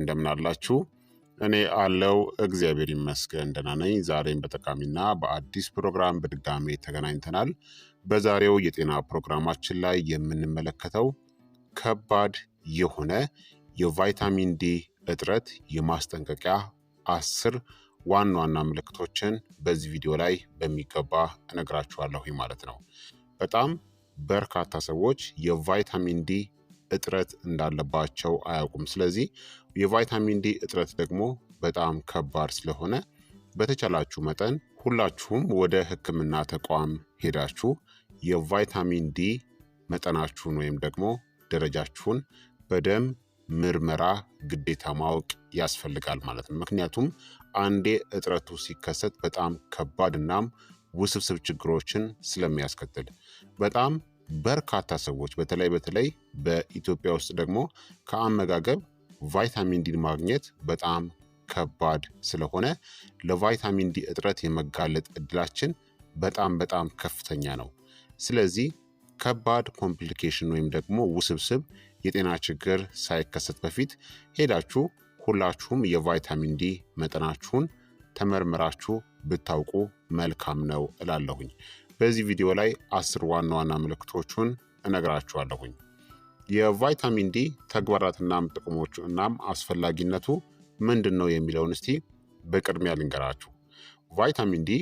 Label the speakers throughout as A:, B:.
A: እንደምን እንደምናላችሁ እኔ አለው እግዚአብሔር ይመስገን ደህና ነኝ። ዛሬም በጠቃሚና በአዲስ ፕሮግራም በድጋሜ ተገናኝተናል። በዛሬው የጤና ፕሮግራማችን ላይ የምንመለከተው ከባድ የሆነ የቫይታሚን ዲ እጥረት የማስጠንቀቂያ አስር ዋና ዋና ምልክቶችን በዚህ ቪዲዮ ላይ በሚገባ እነግራችኋለሁ ማለት ነው። በጣም በርካታ ሰዎች የቫይታሚን ዲ እጥረት እንዳለባቸው አያውቁም። ስለዚህ የቫይታሚን ዲ እጥረት ደግሞ በጣም ከባድ ስለሆነ በተቻላችሁ መጠን ሁላችሁም ወደ ሕክምና ተቋም ሄዳችሁ የቫይታሚን ዲ መጠናችሁን ወይም ደግሞ ደረጃችሁን በደም ምርመራ ግዴታ ማወቅ ያስፈልጋል ማለት ነው። ምክንያቱም አንዴ እጥረቱ ሲከሰት በጣም ከባድ እናም ውስብስብ ችግሮችን ስለሚያስከትል በጣም በርካታ ሰዎች በተለይ በተለይ በኢትዮጵያ ውስጥ ደግሞ ከአመጋገብ ቫይታሚን ዲን ማግኘት በጣም ከባድ ስለሆነ ለቫይታሚን ዲ እጥረት የመጋለጥ እድላችን በጣም በጣም ከፍተኛ ነው። ስለዚህ ከባድ ኮምፕሊኬሽን ወይም ደግሞ ውስብስብ የጤና ችግር ሳይከሰት በፊት ሄዳችሁ ሁላችሁም የቫይታሚን ዲ መጠናችሁን ተመርምራችሁ ብታውቁ መልካም ነው እላለሁኝ። በዚህ ቪዲዮ ላይ አስር ዋና ዋና ምልክቶቹን እነግራችኋለሁኝ። የቫይታሚን ዲ ተግባራትናም ጥቅሞቹ እናም አስፈላጊነቱ ምንድን ነው የሚለውን እስቲ በቅድሚያ ልንገራችሁ። ቫይታሚን ዲ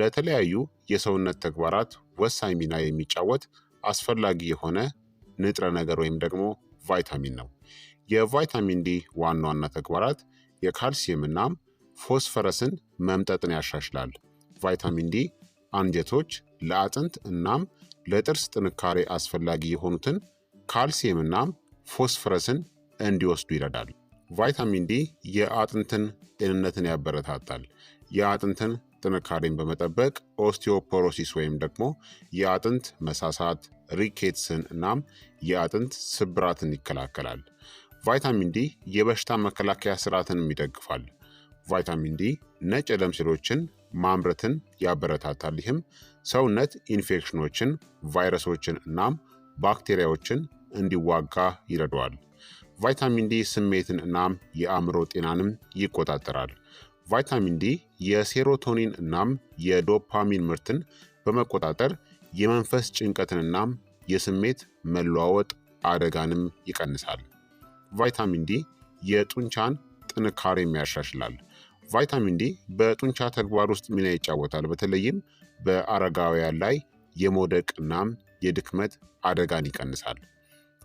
A: ለተለያዩ የሰውነት ተግባራት ወሳኝ ሚና የሚጫወት አስፈላጊ የሆነ ንጥረ ነገር ወይም ደግሞ ቫይታሚን ነው። የቫይታሚን ዲ ዋና ዋና ተግባራት የካልሲየም እናም ፎስፈረስን መምጠጥን ያሻሽላል። ቫይታሚን ዲ አንጀቶች ለአጥንት እናም ለጥርስ ጥንካሬ አስፈላጊ የሆኑትን ካልሲየም ፎስፈረስን እንዲወስዱ ይረዳል። ቫይታሚን ዲ የአጥንትን ጤንነትን ያበረታታል። የአጥንትን ጥንካሬን በመጠበቅ ኦስቲዮፖሮሲስ ወይም ደግሞ የአጥንት መሳሳት፣ ሪኬትስን እናም የአጥንት ስብራትን ይከላከላል። ቫይታሚን ዲ የበሽታ መከላከያ ስርዓትንም ይደግፋል። ቫይታሚን ዲ ነጭ የደም ሴሎችን ማምረትን ያበረታታል። ይህም ሰውነት ኢንፌክሽኖችን፣ ቫይረሶችን እናም ባክቴሪያዎችን እንዲዋጋ ይረዳዋል። ቫይታሚን ዲ ስሜትን እናም የአእምሮ ጤናንም ይቆጣጠራል። ቫይታሚን ዲ የሴሮቶኒን እናም የዶፓሚን ምርትን በመቆጣጠር የመንፈስ ጭንቀትን እናም የስሜት መለዋወጥ አደጋንም ይቀንሳል። ቫይታሚን ዲ የጡንቻን ጥንካሬም ያሻሽላል። ቫይታሚን ዲ በጡንቻ ተግባር ውስጥ ሚና ይጫወታል። በተለይም በአረጋውያን ላይ የመውደቅ እናም የድክመት አደጋን ይቀንሳል።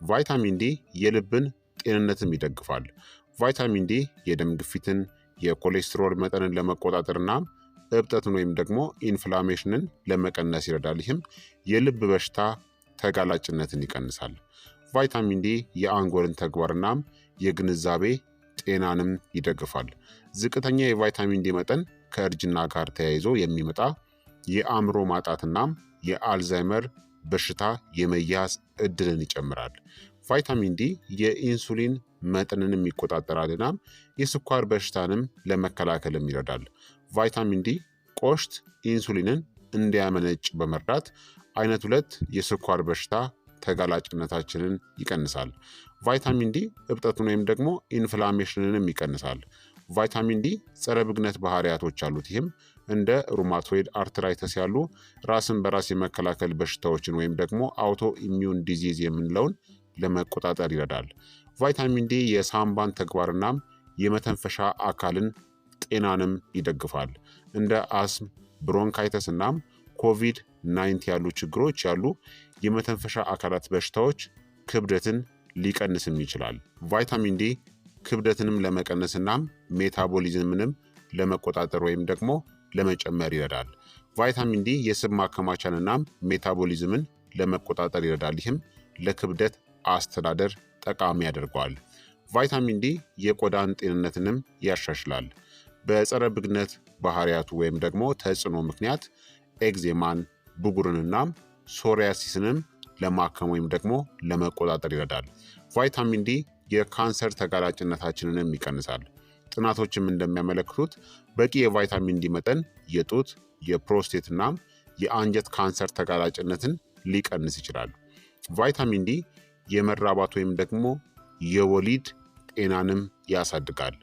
A: ቫይታሚን ዲ የልብን ጤንነትም ይደግፋል። ቫይታሚን ዲ የደም ግፊትን፣ የኮሌስትሮል መጠንን ለመቆጣጠር እብጠትን ወይም ደግሞ ኢንፍላሜሽንን ለመቀነስ ይረዳል። ይህም የልብ በሽታ ተጋላጭነትን ይቀንሳል። ቫይታሚን ዲ የአንጎልን ተግባር የግንዛቤ ጤናንም ይደግፋል። ዝቅተኛ የቫይታሚን ዲ መጠን ከእርጅና ጋር ተያይዞ የሚመጣ የአእምሮ ማጣትናም የአልዛይመር በሽታ የመያዝ እድልን ይጨምራል። ቫይታሚን ዲ የኢንሱሊን መጠንንም ይቆጣጠራልናም የስኳር በሽታንም ለመከላከልም ይረዳል። ቫይታሚን ዲ ቆሽት ኢንሱሊንን እንዲያመነጭ በመርዳት አይነት ሁለት የስኳር በሽታ ተጋላጭነታችንን ይቀንሳል። ቫይታሚን ዲ እብጠትን ወይም ደግሞ ኢንፍላሜሽንንም ይቀንሳል። ቫይታሚን ዲ ጸረ ብግነት ባህሪያቶች አሉት። ይህም እንደ ሩማቶይድ አርትራይተስ ያሉ ራስን በራስ የመከላከል በሽታዎችን ወይም ደግሞ አውቶ ኢሚዩን ዲዚዝ የምንለውን ለመቆጣጠር ይረዳል። ቫይታሚን ዲ የሳምባን ተግባርናም የመተንፈሻ አካልን ጤናንም ይደግፋል። እንደ አስም፣ ብሮንካይተስ እናም ኮቪድ ናይንቲ ያሉ ችግሮች ያሉ የመተንፈሻ አካላት በሽታዎች ክብደትን ሊቀንስም ይችላል። ቫይታሚን ዲ ክብደትንም ለመቀነስ እናም ሜታቦሊዝምንም ለመቆጣጠር ወይም ደግሞ ለመጨመር ይረዳል። ቫይታሚን ዲ የስብ ማከማቻን እናም ሜታቦሊዝምን ለመቆጣጠር ይረዳል። ይህም ለክብደት አስተዳደር ጠቃሚ ያደርገዋል። ቫይታሚን ዲ የቆዳን ጤንነትንም ያሻሽላል። በጸረ ብግነት ባህሪያቱ ወይም ደግሞ ተጽዕኖ ምክንያት ኤግዜማን፣ ብጉርንናም ሶሪያሲስንም ለማከም ወይም ደግሞ ለመቆጣጠር ይረዳል። ቫይታሚን ዲ የካንሰር ተጋላጭነታችንንም ይቀንሳል። ጥናቶችም እንደሚያመለክቱት በቂ የቫይታሚን ዲ መጠን የጡት የፕሮስቴትናም የአንጀት ካንሰር ተጋላጭነትን ሊቀንስ ይችላል። ቫይታሚን ዲ የመራባት ወይም ደግሞ የወሊድ ጤናንም ያሳድጋል።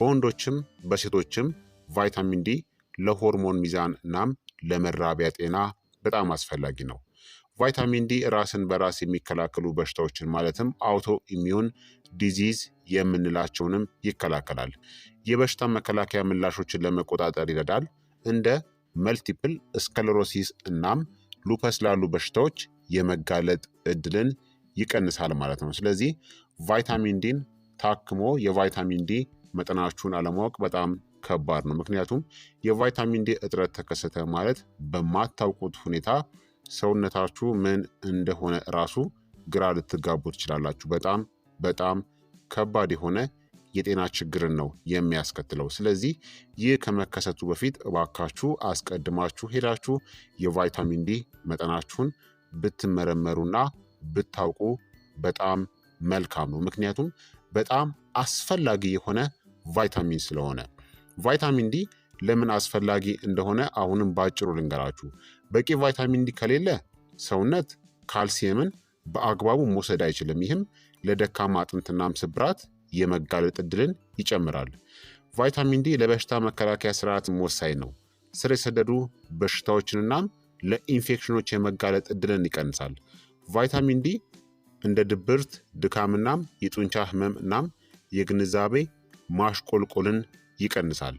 A: በወንዶችም በሴቶችም ቫይታሚን ዲ ለሆርሞን ሚዛን እናም ለመራቢያ ጤና በጣም አስፈላጊ ነው። ቫይታሚን ዲ ራስን በራስ የሚከላከሉ በሽታዎችን ማለትም አውቶ ኢሚዩን ዲዚዝ የምንላቸውንም ይከላከላል። የበሽታ መከላከያ ምላሾችን ለመቆጣጠር ይረዳል። እንደ መልቲፕል ስከለሮሲስ እናም ሉፐስ ላሉ በሽታዎች የመጋለጥ እድልን ይቀንሳል ማለት ነው። ስለዚህ ቫይታሚን ዲን ታክሞ የቫይታሚን ዲ መጠናችሁን አለማወቅ በጣም ከባድ ነው። ምክንያቱም የቫይታሚን ዲ እጥረት ተከሰተ ማለት በማታውቁት ሁኔታ ሰውነታችሁ ምን እንደሆነ እራሱ ግራ ልትጋቡ ትችላላችሁ። በጣም በጣም ከባድ የሆነ የጤና ችግርን ነው የሚያስከትለው። ስለዚህ ይህ ከመከሰቱ በፊት እባካችሁ አስቀድማችሁ ሄዳችሁ የቫይታሚን ዲ መጠናችሁን ብትመረመሩና ብታውቁ በጣም መልካም ነው። ምክንያቱም በጣም አስፈላጊ የሆነ ቫይታሚን ስለሆነ ቫይታሚን ዲ ለምን አስፈላጊ እንደሆነ አሁንም በአጭሩ ልንገራችሁ። በቂ ቫይታሚን ዲ ከሌለ ሰውነት ካልሲየምን በአግባቡ መውሰድ አይችልም። ይህም ለደካማ አጥንትናም ስብራት የመጋለጥ ዕድልን ይጨምራል። ቫይታሚን ዲ ለበሽታ መከላከያ ስርዓትም ወሳኝ ነው። ስር የሰደዱ በሽታዎችንናም ለኢንፌክሽኖች የመጋለጥ ዕድልን ይቀንሳል። ቫይታሚን ዲ እንደ ድብርት፣ ድካምናም የጡንቻ ህመም የግንዛቤ ማሽቆልቆልን ይቀንሳል።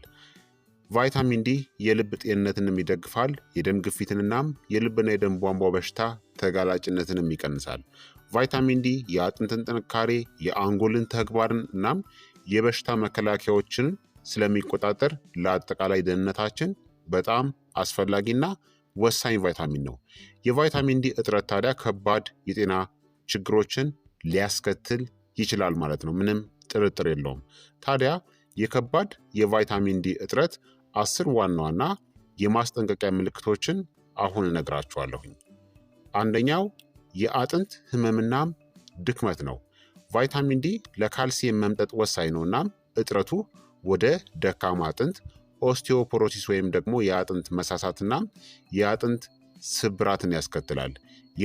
A: ቫይታሚን ዲ የልብ ጤንነትንም ይደግፋል። የደም ግፊትንናም የልብና የደም ቧንቧ በሽታ ተጋላጭነትንም ይቀንሳል። ቫይታሚን ዲ የአጥንትን ጥንካሬ፣ የአንጎልን ተግባርን እናም የበሽታ መከላከያዎችን ስለሚቆጣጠር ለአጠቃላይ ደህንነታችን በጣም አስፈላጊና ወሳኝ ቫይታሚን ነው። የቫይታሚን ዲ እጥረት ታዲያ ከባድ የጤና ችግሮችን ሊያስከትል ይችላል ማለት ነው። ምንም ጥርጥር የለውም። ታዲያ የከባድ የቫይታሚን ዲ እጥረት አስር ዋና ዋና የማስጠንቀቂያ ምልክቶችን አሁን እነግራችኋለሁኝ። አንደኛው የአጥንት ህመምናም ድክመት ነው። ቫይታሚን ዲ ለካልሲየም መምጠጥ ወሳኝ ነው። እናም እጥረቱ ወደ ደካማ አጥንት ኦስቲዮፖሮሲስ ወይም ደግሞ የአጥንት መሳሳትና የአጥንት ስብራትን ያስከትላል።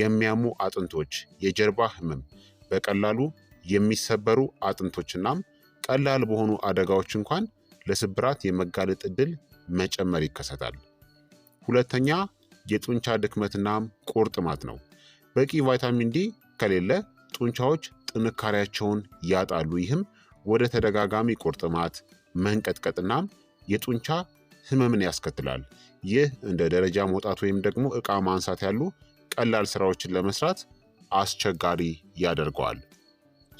A: የሚያሙ አጥንቶች፣ የጀርባ ህመም፣ በቀላሉ የሚሰበሩ አጥንቶችናም ቀላል በሆኑ አደጋዎች እንኳን ለስብራት የመጋለጥ እድል መጨመር ይከሰታል። ሁለተኛ የጡንቻ ድክመትናም ቁርጥማት ነው። በቂ ቫይታሚን ዲ ከሌለ ጡንቻዎች ጥንካሬያቸውን ያጣሉ። ይህም ወደ ተደጋጋሚ ቁርጥማት፣ መንቀጥቀጥናም የጡንቻ ህመምን ያስከትላል። ይህ እንደ ደረጃ መውጣት ወይም ደግሞ ዕቃ ማንሳት ያሉ ቀላል ስራዎችን ለመስራት አስቸጋሪ ያደርገዋል።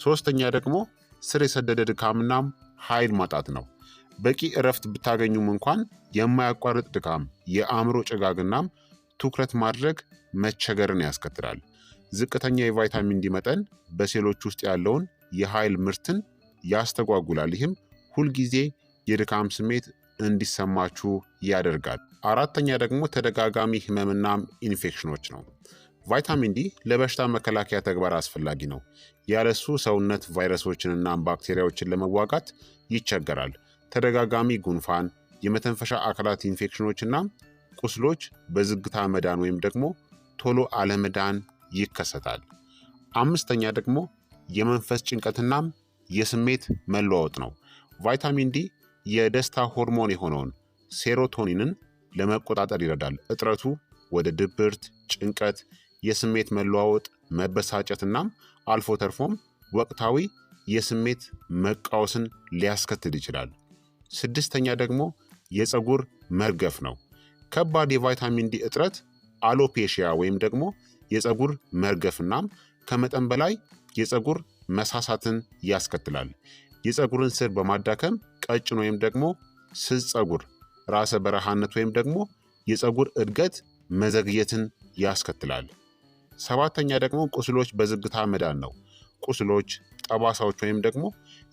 A: ሶስተኛ ደግሞ ስር የሰደደ ድካምናም ኃይል ማጣት ነው። በቂ እረፍት ብታገኙም እንኳን የማያቋርጥ ድካም፣ የአእምሮ ጭጋግናም ትኩረት ማድረግ መቸገርን ያስከትላል። ዝቅተኛ የቫይታሚን ዲ መጠን በሴሎች ውስጥ ያለውን የኃይል ምርትን ያስተጓጉላል። ይህም ሁልጊዜ የድካም ስሜት እንዲሰማችሁ ያደርጋል። አራተኛ ደግሞ ተደጋጋሚ ህመምናም ኢንፌክሽኖች ነው። ቫይታሚን ዲ ለበሽታ መከላከያ ተግባር አስፈላጊ ነው። ያለሱ ሰውነት ቫይረሶችንና ባክቴሪያዎችን ለመዋጋት ይቸገራል። ተደጋጋሚ ጉንፋን፣ የመተንፈሻ አካላት ኢንፌክሽኖችና ቁስሎች በዝግታ መዳን ወይም ደግሞ ቶሎ አለመዳን ይከሰታል። አምስተኛ ደግሞ የመንፈስ ጭንቀትናም የስሜት መለዋወጥ ነው። ቫይታሚን ዲ የደስታ ሆርሞን የሆነውን ሴሮቶኒንን ለመቆጣጠር ይረዳል። እጥረቱ ወደ ድብርት፣ ጭንቀት፣ የስሜት መለዋወጥ፣ መበሳጨት አልፎ ተርፎም ወቅታዊ የስሜት መቃወስን ሊያስከትል ይችላል። ስድስተኛ ደግሞ የፀጉር መርገፍ ነው። ከባድ የቫይታሚን ዲ እጥረት አሎፔሽያ ወይም ደግሞ የፀጉር መርገፍናም ከመጠን በላይ የፀጉር መሳሳትን ያስከትላል። የፀጉርን ስር በማዳከም ቀጭን ወይም ደግሞ ስስ ፀጉር፣ ራሰ በረሃነት ወይም ደግሞ የፀጉር እድገት መዘግየትን ያስከትላል። ሰባተኛ ደግሞ ቁስሎች በዝግታ መዳን ነው። ቁስሎች፣ ጠባሳዎች ወይም ደግሞ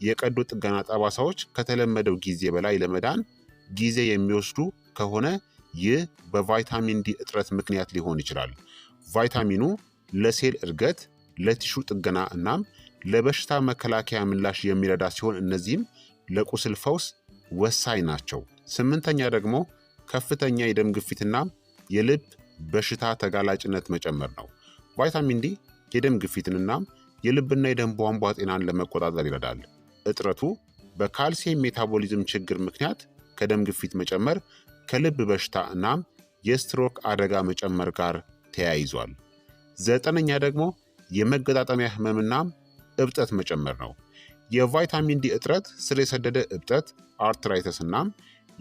A: የቀዶ ጥገና ጠባሳዎች ከተለመደው ጊዜ በላይ ለመዳን ጊዜ የሚወስዱ ከሆነ ይህ በቫይታሚን ዲ እጥረት ምክንያት ሊሆን ይችላል። ቫይታሚኑ ለሴል እድገት፣ ለቲሹ ጥገና እናም ለበሽታ መከላከያ ምላሽ የሚረዳ ሲሆን እነዚህም ለቁስል ፈውስ ወሳኝ ናቸው። ስምንተኛ ደግሞ ከፍተኛ የደም ግፊትና የልብ በሽታ ተጋላጭነት መጨመር ነው። ቫይታሚን ዲ የደም ግፊትንና የልብና የደም ቧንቧ ጤናን ለመቆጣጠር ይረዳል። እጥረቱ በካልሲየም ሜታቦሊዝም ችግር ምክንያት ከደም ግፊት መጨመር፣ ከልብ በሽታ እናም የስትሮክ አደጋ መጨመር ጋር ተያይዟል። ዘጠነኛ ደግሞ የመገጣጠሚያ ህመምና እብጠት መጨመር ነው። የቫይታሚን ዲ እጥረት ስር የሰደደ እብጠት፣ አርትራይተስ እናም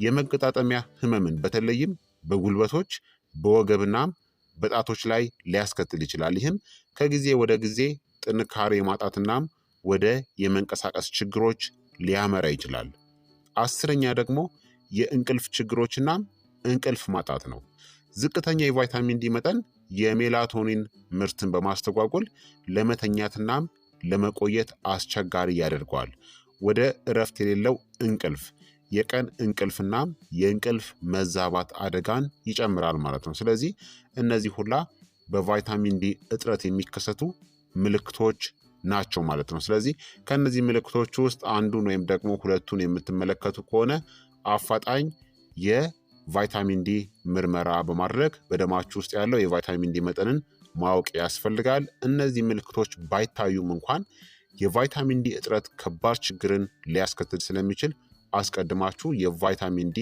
A: የመገጣጠሚያ ህመምን በተለይም በጉልበቶች በወገብና በጣቶች ላይ ሊያስከትል ይችላል። ይህም ከጊዜ ወደ ጊዜ ጥንካሬ ማጣትናም ወደ የመንቀሳቀስ ችግሮች ሊያመራ ይችላል። አስረኛ ደግሞ የእንቅልፍ ችግሮችና እንቅልፍ ማጣት ነው። ዝቅተኛ የቫይታሚን ዲ መጠን የሜላቶኒን ምርትን በማስተጓጎል ለመተኛትናም ለመቆየት አስቸጋሪ ያደርገዋል። ወደ እረፍት የሌለው እንቅልፍ የቀን እንቅልፍናም የእንቅልፍ መዛባት አደጋን ይጨምራል ማለት ነው። ስለዚህ እነዚህ ሁላ በቫይታሚን ዲ እጥረት የሚከሰቱ ምልክቶች ናቸው ማለት ነው። ስለዚህ ከእነዚህ ምልክቶች ውስጥ አንዱን ወይም ደግሞ ሁለቱን የምትመለከቱ ከሆነ አፋጣኝ የቫይታሚን ዲ ምርመራ በማድረግ በደማችሁ ውስጥ ያለው የቫይታሚን ዲ መጠንን ማወቅ ያስፈልጋል። እነዚህ ምልክቶች ባይታዩም እንኳን የቫይታሚን ዲ እጥረት ከባድ ችግርን ሊያስከትል ስለሚችል አስቀድማችሁ የቫይታሚን ዲ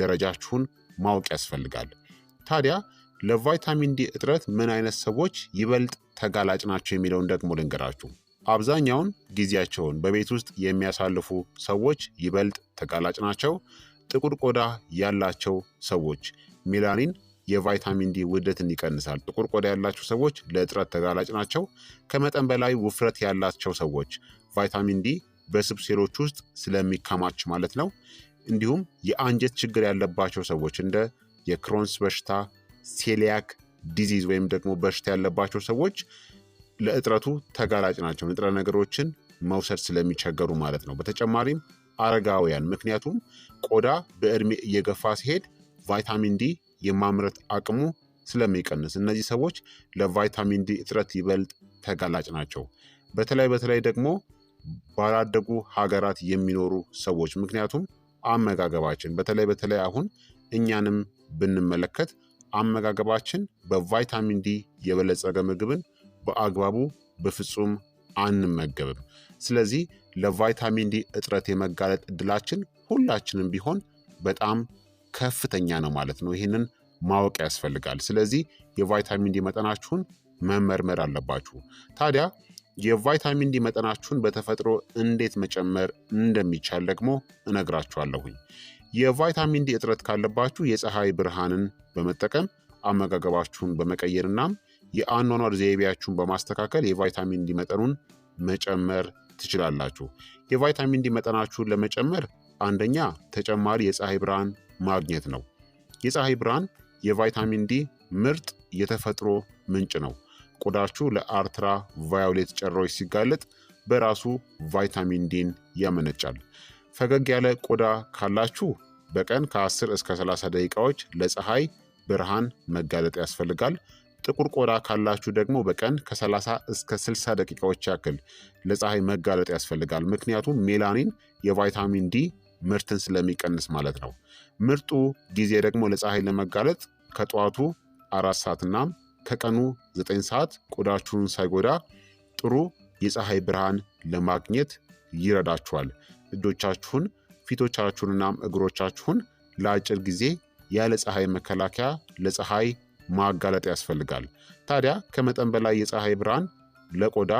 A: ደረጃችሁን ማወቅ ያስፈልጋል። ታዲያ ለቫይታሚን ዲ እጥረት ምን አይነት ሰዎች ይበልጥ ተጋላጭ ናቸው የሚለውን ደግሞ ልንገራችሁ። አብዛኛውን ጊዜያቸውን በቤት ውስጥ የሚያሳልፉ ሰዎች ይበልጥ ተጋላጭ ናቸው። ጥቁር ቆዳ ያላቸው ሰዎች ሜላኒን የቫይታሚን ዲ ውህደትን ይቀንሳል። ጥቁር ቆዳ ያላቸው ሰዎች ለእጥረት ተጋላጭ ናቸው። ከመጠን በላይ ውፍረት ያላቸው ሰዎች ቫይታሚን ዲ በስብ ሴሎች ውስጥ ስለሚከማች ማለት ነው። እንዲሁም የአንጀት ችግር ያለባቸው ሰዎች እንደ የክሮንስ በሽታ ሴሊያክ ዲዚዝ ወይም ደግሞ በሽታ ያለባቸው ሰዎች ለእጥረቱ ተጋላጭ ናቸው፣ ንጥረ ነገሮችን መውሰድ ስለሚቸገሩ ማለት ነው። በተጨማሪም አረጋውያን፣ ምክንያቱም ቆዳ በእድሜ እየገፋ ሲሄድ ቫይታሚን ዲ የማምረት አቅሙ ስለሚቀንስ እነዚህ ሰዎች ለቫይታሚን ዲ እጥረት ይበልጥ ተጋላጭ ናቸው። በተለይ በተለይ ደግሞ ባላደጉ ሀገራት የሚኖሩ ሰዎች ምክንያቱም አመጋገባችን በተለይ በተለይ አሁን እኛንም ብንመለከት አመጋገባችን በቫይታሚን ዲ የበለጸገ ምግብን በአግባቡ በፍጹም አንመገብም። ስለዚህ ለቫይታሚን ዲ እጥረት የመጋለጥ እድላችን ሁላችንም ቢሆን በጣም ከፍተኛ ነው ማለት ነው። ይህንን ማወቅ ያስፈልጋል። ስለዚህ የቫይታሚን ዲ መጠናችሁን መመርመር አለባችሁ። ታዲያ የቫይታሚን ዲ መጠናችሁን በተፈጥሮ እንዴት መጨመር እንደሚቻል ደግሞ እነግራችኋለሁኝ። የቫይታሚን ዲ እጥረት ካለባችሁ የፀሐይ ብርሃንን በመጠቀም አመጋገባችሁን በመቀየር የአኗኗር ዘይቤያችሁን በማስተካከል የቫይታሚን ዲ መጠኑን መጨመር ትችላላችሁ። የቫይታሚን ዲ መጠናችሁን ለመጨመር አንደኛ ተጨማሪ የፀሐይ ብርሃን ማግኘት ነው። የፀሐይ ብርሃን የቫይታሚን ዲ ምርጥ የተፈጥሮ ምንጭ ነው። ቆዳችሁ ለአርትራ ቫዮሌት ጨረሮች ሲጋለጥ በራሱ ቫይታሚን ዲን ያመነጫል። ፈገግ ያለ ቆዳ ካላችሁ በቀን ከ10 እስከ 30 ደቂቃዎች ለፀሐይ ብርሃን መጋለጥ ያስፈልጋል። ጥቁር ቆዳ ካላችሁ ደግሞ በቀን ከ30 እስከ 60 ደቂቃዎች ያክል ለፀሐይ መጋለጥ ያስፈልጋል። ምክንያቱም ሜላኒን የቫይታሚን ዲ ምርትን ስለሚቀንስ ማለት ነው። ምርጡ ጊዜ ደግሞ ለፀሐይ ለመጋለጥ ከጠዋቱ አራት ሰዓትና ከቀኑ 9 ሰዓት ቆዳችሁን ሳይጎዳ ጥሩ የፀሐይ ብርሃን ለማግኘት ይረዳችኋል። እጆቻችሁን፣ ፊቶቻችሁንና እግሮቻችሁን ለአጭር ጊዜ ያለ ፀሐይ መከላከያ ለፀሐይ ማጋለጥ ያስፈልጋል። ታዲያ ከመጠን በላይ የፀሐይ ብርሃን ለቆዳ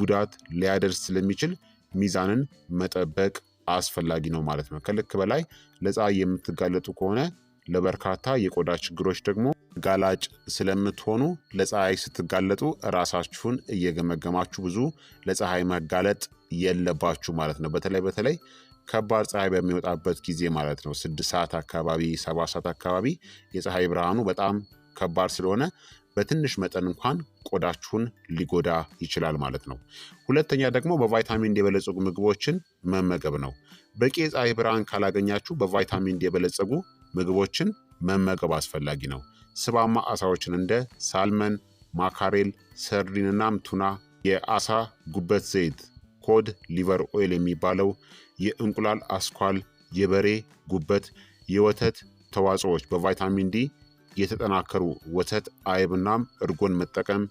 A: ጉዳት ሊያደርስ ስለሚችል ሚዛንን መጠበቅ አስፈላጊ ነው ማለት ነው። ከልክ በላይ ለፀሐይ የምትጋለጡ ከሆነ ለበርካታ የቆዳ ችግሮች ደግሞ ጋላጭ ስለምትሆኑ ለፀሐይ ስትጋለጡ ራሳችሁን እየገመገማችሁ ብዙ ለፀሐይ መጋለጥ የለባችሁ ማለት ነው። በተለይ በተለይ ከባድ ፀሐይ በሚወጣበት ጊዜ ማለት ነው ስድስት ሰዓት አካባቢ ሰባት ሰዓት አካባቢ የፀሐይ ብርሃኑ በጣም ከባድ ስለሆነ በትንሽ መጠን እንኳን ቆዳችሁን ሊጎዳ ይችላል ማለት ነው። ሁለተኛ ደግሞ በቫይታሚን ዲ የበለጸጉ ምግቦችን መመገብ ነው። በቂ የፀሐይ ብርሃን ካላገኛችሁ በቫይታሚን ዲ የበለጸጉ ምግቦችን መመገብ አስፈላጊ ነው። ስባማ አሳዎችን እንደ ሳልመን፣ ማካሬል፣ ሰርዲንናም ቱና የአሳ ጉበት ዘይት ሆድ ሊቨር ኦይል የሚባለው የእንቁላል አስኳል፣ የበሬ ጉበት፣ የወተት ተዋጽኦዎች በቫይታሚን ዲ የተጠናከሩ ወተት፣ አይብናም እርጎን መጠቀም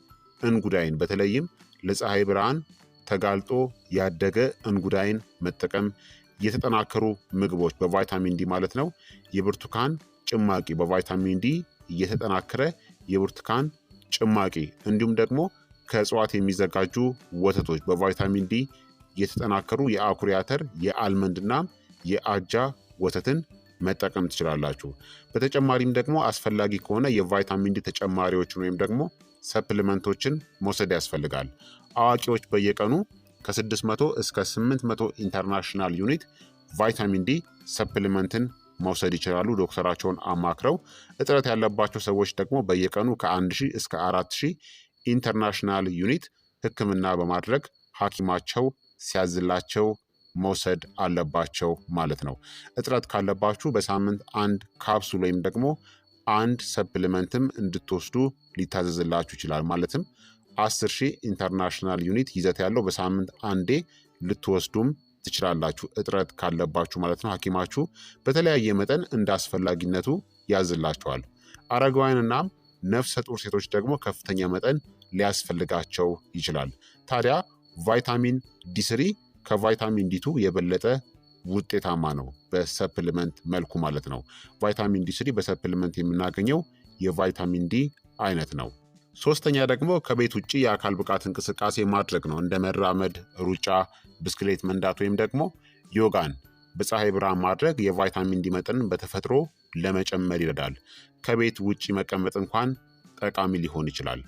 A: እንጉዳይን በተለይም ለፀሐይ ብርሃን ተጋልጦ ያደገ እንጉዳይን መጠቀም የተጠናከሩ ምግቦች በቫይታሚን ዲ ማለት ነው። የብርቱካን ጭማቂ በቫይታሚን ዲ እየተጠናከረ የብርቱካን ጭማቂ እንዲሁም ደግሞ ከእጽዋት የሚዘጋጁ ወተቶች በቫይታሚን ዲ የተጠናከሩ የአኩሪ አተር የአልመንድና የአጃ ወተትን መጠቀም ትችላላችሁ። በተጨማሪም ደግሞ አስፈላጊ ከሆነ የቫይታሚን ዲ ተጨማሪዎችን ወይም ደግሞ ሰፕሊመንቶችን መውሰድ ያስፈልጋል። አዋቂዎች በየቀኑ ከ600 እስከ 800 ኢንተርናሽናል ዩኒት ቫይታሚን ዲ ሰፕሊመንትን መውሰድ ይችላሉ ዶክተራቸውን አማክረው። እጥረት ያለባቸው ሰዎች ደግሞ በየቀኑ ከ1000 እስከ 4000 ኢንተርናሽናል ዩኒት ህክምና በማድረግ ሐኪማቸው ሲያዝላቸው መውሰድ አለባቸው ማለት ነው። እጥረት ካለባችሁ በሳምንት አንድ ካፕሱል ወይም ደግሞ አንድ ሰፕሊመንትም እንድትወስዱ ሊታዘዝላችሁ ይችላል። ማለትም 10 ሺህ ኢንተርናሽናል ዩኒት ይዘት ያለው በሳምንት አንዴ ልትወስዱም ትችላላችሁ፣ እጥረት ካለባችሁ ማለት ነው። ሐኪማችሁ በተለያየ መጠን እንደ አስፈላጊነቱ ያዝላቸዋል። አረጋውያንና ነፍሰ ጡር ሴቶች ደግሞ ከፍተኛ መጠን ሊያስፈልጋቸው ይችላል። ታዲያ ቫይታሚን ዲስሪ ከቫይታሚን ዲቱ የበለጠ ውጤታማ ነው፣ በሰፕልመንት መልኩ ማለት ነው። ቫይታሚን ዲስሪ በሰፕልመንት የምናገኘው የቫይታሚን ዲ አይነት ነው። ሶስተኛ ደግሞ ከቤት ውጭ የአካል ብቃት እንቅስቃሴ ማድረግ ነው። እንደ መራመድ፣ ሩጫ፣ ብስክሌት መንዳት ወይም ደግሞ ዮጋን በፀሐይ ብርሃን ማድረግ የቫይታሚን ዲ መጠን በተፈጥሮ ለመጨመር ይረዳል። ከቤት ውጭ መቀመጥ እንኳን ጠቃሚ ሊሆን ይችላል።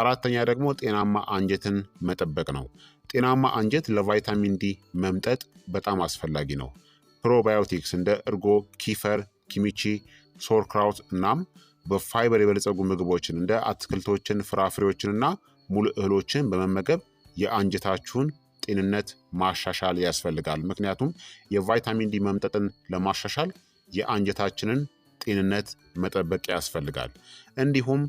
A: አራተኛ ደግሞ ጤናማ አንጀትን መጠበቅ ነው። ጤናማ አንጀት ለቫይታሚን ዲ መምጠጥ በጣም አስፈላጊ ነው። ፕሮባዮቲክስ እንደ እርጎ፣ ኪፈር፣ ኪሚቺ፣ ሶርክራውት እናም በፋይበር የበለጸጉ ምግቦችን እንደ አትክልቶችን፣ ፍራፍሬዎችንና ሙሉ እህሎችን በመመገብ የአንጀታችሁን ጤንነት ማሻሻል ያስፈልጋል። ምክንያቱም የቫይታሚን ዲ መምጠጥን ለማሻሻል የአንጀታችንን ጤንነት መጠበቅ ያስፈልጋል። እንዲሁም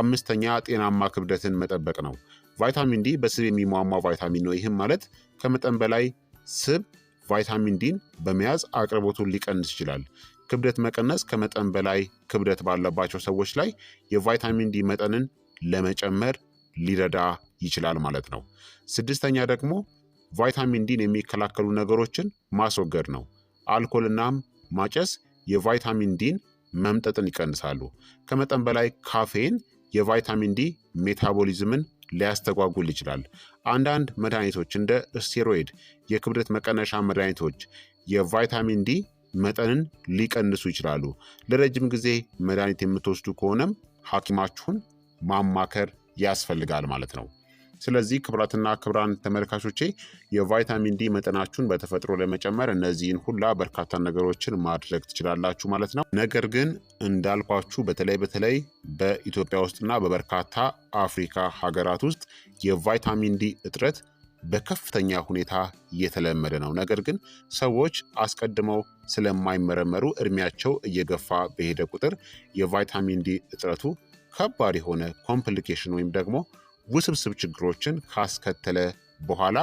A: አምስተኛ ጤናማ ክብደትን መጠበቅ ነው። ቫይታሚን ዲ በስብ የሚሟሟ ቫይታሚን ነው። ይህም ማለት ከመጠን በላይ ስብ ቫይታሚን ዲን በመያዝ አቅርቦቱን ሊቀንስ ይችላል። ክብደት መቀነስ ከመጠን በላይ ክብደት ባለባቸው ሰዎች ላይ የቫይታሚን ዲ መጠንን ለመጨመር ሊረዳ ይችላል ማለት ነው። ስድስተኛ ደግሞ ቫይታሚን ዲን የሚከላከሉ ነገሮችን ማስወገድ ነው። አልኮልናም ማጨስ የቫይታሚን ዲን መምጠጥን ይቀንሳሉ። ከመጠን በላይ ካፌን የቫይታሚን ዲ ሜታቦሊዝምን ሊያስተጓጉል ይችላል። አንዳንድ መድኃኒቶች እንደ ስቴሮይድ፣ የክብደት መቀነሻ መድኃኒቶች የቫይታሚን ዲ መጠንን ሊቀንሱ ይችላሉ። ለረጅም ጊዜ መድኃኒት የምትወስዱ ከሆነም ሐኪማችሁን ማማከር ያስፈልጋል ማለት ነው። ስለዚህ ክብራትና ክብራን ተመልካቾቼ የቫይታሚን ዲ መጠናችሁን በተፈጥሮ ለመጨመር እነዚህን ሁላ በርካታ ነገሮችን ማድረግ ትችላላችሁ ማለት ነው። ነገር ግን እንዳልኳችሁ በተለይ በተለይ በኢትዮጵያ ውስጥና በበርካታ አፍሪካ ሀገራት ውስጥ የቫይታሚን ዲ እጥረት በከፍተኛ ሁኔታ እየተለመደ ነው። ነገር ግን ሰዎች አስቀድመው ስለማይመረመሩ እድሜያቸው እየገፋ በሄደ ቁጥር የቫይታሚን ዲ እጥረቱ ከባድ የሆነ ኮምፕሊኬሽን ወይም ደግሞ ውስብስብ ችግሮችን ካስከተለ በኋላ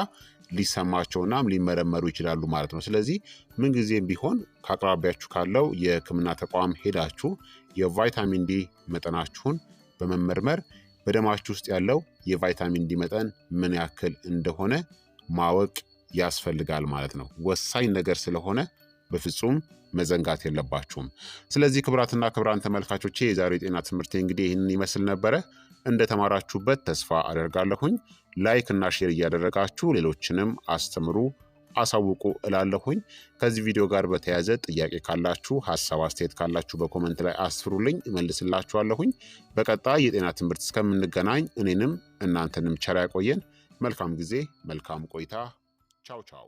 A: ሊሰማቸውና ሊመረመሩ ይችላሉ ማለት ነው። ስለዚህ ምንጊዜም ቢሆን ከአቅራቢያችሁ ካለው የህክምና ተቋም ሄዳችሁ የቫይታሚን ዲ መጠናችሁን በመመርመር በደማችሁ ውስጥ ያለው የቫይታሚን ዲ መጠን ምን ያክል እንደሆነ ማወቅ ያስፈልጋል ማለት ነው። ወሳኝ ነገር ስለሆነ በፍጹም መዘንጋት የለባችሁም። ስለዚህ ክብራትና ክብራን ተመልካቾቼ የዛሬው የጤና ትምህርቴ እንግዲህ ይህንን ይመስል ነበረ። እንደተማራችሁበት ተስፋ አደርጋለሁኝ። ላይክ እና ሼር እያደረጋችሁ ሌሎችንም አስተምሩ አሳውቁ እላለሁኝ። ከዚህ ቪዲዮ ጋር በተያያዘ ጥያቄ ካላችሁ፣ ሀሳብ አስተያየት ካላችሁ በኮመንት ላይ አስፍሩልኝ፣ እመልስላችኋለሁኝ። በቀጣይ የጤና ትምህርት እስከምንገናኝ እኔንም እናንተንም ቸር ያቆየን። መልካም ጊዜ፣ መልካም ቆይታ። ቻው ቻው